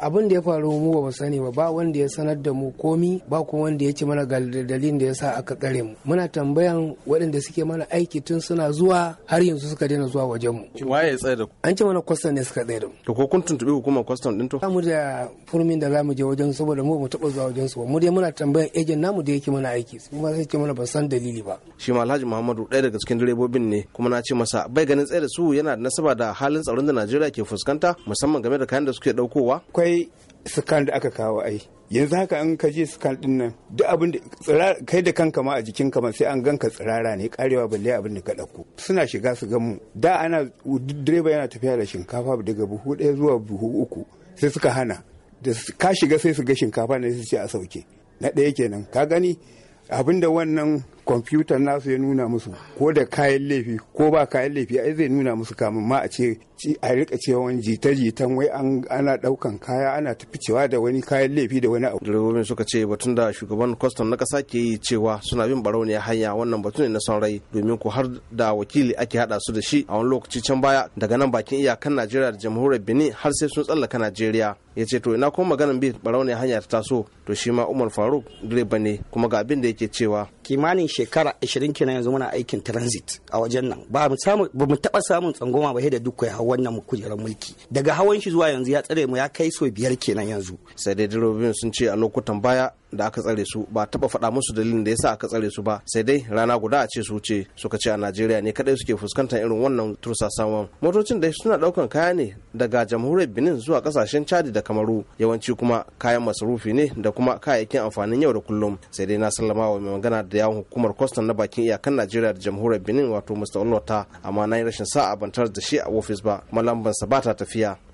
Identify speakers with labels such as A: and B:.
A: abin da ya faru mu ba mu sani ba ba wanda ya sanar da mu komi ba kuma wanda ya ce mana dalilin da ya sa aka kare mu muna tambayan waɗanda suke mana aiki tun suna zuwa har yanzu suka daina zuwa wajen mu
B: waye ya tsaya da ku
A: an ce mana kwastan ne suka tsaya da mu
B: to ko kun tuntubi hukumar kwastan din to ba mu
A: da furmin da za mu je wajen saboda mu ba mu taɓa zuwa wajen su ba mu dai muna tambayan ejen namu da yake mana aiki ba sai ce mana ban san dalili ba
B: shi ma Alhaji Muhammadu ɗaya daga cikin direbobin ne kuma na ce masa bai ganin tsaye da su yana da nasaba da halin tsaron da Najeriya ke fuskanta musamman game da kayan da suke ɗaukowa
C: akwai scan da aka kawo ai yanzu haka an ka je scan din nan duk abin da kai da kanka ma a jikin ka ma sai an ganka tsirara ne karewa balle abin da ka dauko suna shiga su gan mu da ana direba yana tafiya da shinkafa daga buhu ɗaya zuwa buhu uku sai suka hana da ka shiga sai su ga shinkafa ne su ce a sauke na ɗaya kenan ka gani abin da wannan kwamfutar nasu ya nuna musu ko da kayan laifi ko ba kayan laifi ai zai nuna musu kamun ma a ce a rika cewa jita jitan wai ana daukan kaya ana taficewa da wani kayan laifi da wani abu direbobin suka ce batun da shugaban kwastam na kasa ke yi
B: cewa suna bin ne hanya wannan batun ne na son rai domin ko har da wakili ake hada su da shi a wani lokaci can baya daga nan bakin iyakan najeriya da jamhuriyar benin har sai sun tsallaka najeriya ya ce to ina kuma maganin bi barau hanya ta taso to shi ma umar faruk direba ne kuma ga abin da yake cewa kimanin shekara 20 kenan yanzu muna aikin transit a wajen nan ba mu samu ba mu taba samun tsangoma ba da duk ya wannan kujerar mulki daga hawan shi zuwa yanzu ya tsare mu ya kai so biyar kenan yanzu sai dai direbobin sun ce a lokutan baya da aka tsare su ba taba faɗa musu dalilin da yasa aka tsare su ba sai dai rana guda a ce su wuce suka ce a Najeriya ne kadai suke fuskantar irin wannan tursasawan motocin da suna daukan kaya ne daga jamhuriyar Benin zuwa kasashen chadi da Kamaru yawanci kuma kayan masarufi ne da kuma kayayyakin amfanin yau da kullum sai dai na sallama wa mai magana da yawon hukumar kwastam na bakin iyakan Najeriya da jamhuriyar Benin wato Mr. Olota amma na yi rashin sa'a bantar da shi a ofis ba malamban sa ba ta tafiya